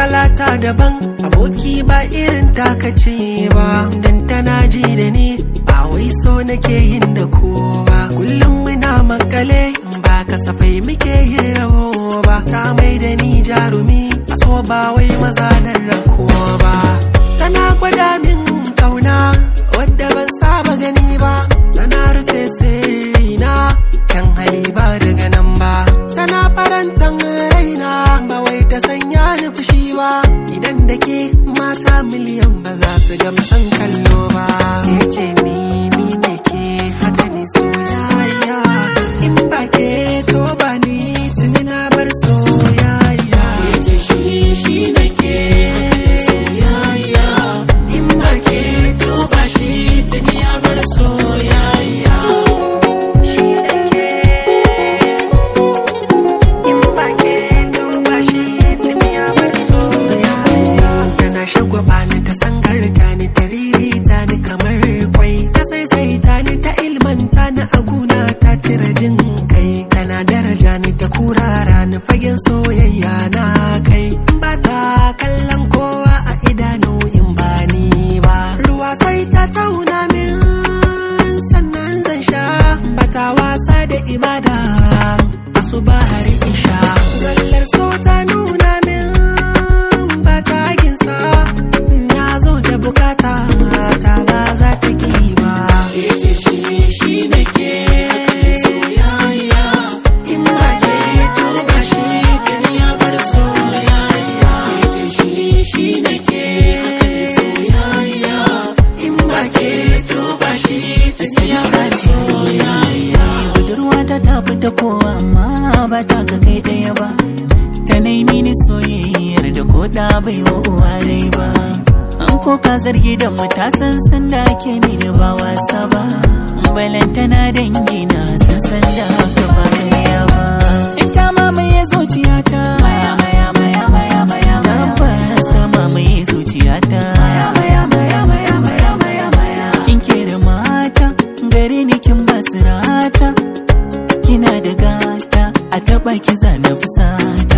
kalata daban aboki ba irin takace ba dan tana ji da ni a wai so nake yin da kowa kullum muna makale ba kasafai muke yin rabo ba ta mai da ni jarumi a so ba wai maza dan rakowa kan da ke mata miliyan ba za su gamsan kallo ba. Ke ce ni kara ni fagen soyayya na kai ba ta kallon kowa a idanu in ba ni ba ruwa sai ta tauna min sannan zan sha ba ta wasa da ibada ba har isha zallar ko da bai wa uwa dai ba an ko ka zargi da matasan san da ake ni da ba wasa ba balantana dangi na san san da haka ba kariya ba ita mamaye zuciyata maya maya maya maya maya tabbas ta mamaye zuciyata maya maya maya maya maya maya maya kin kere mata gari ni kin basirata kina da gata a taba ki zana fusata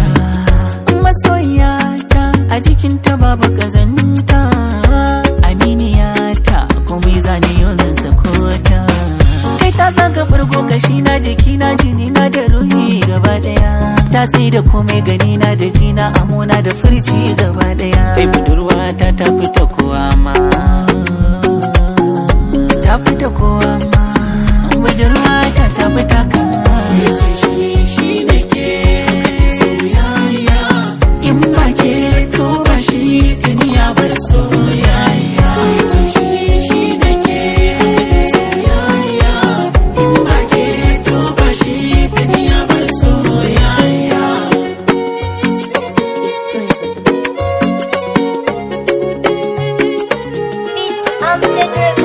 jini jinina da ruhi gaba daya ta tsaye da komai ganina da jina amona da furci gaba daya kai budurwa ta tafi ta kowa ma Thank you.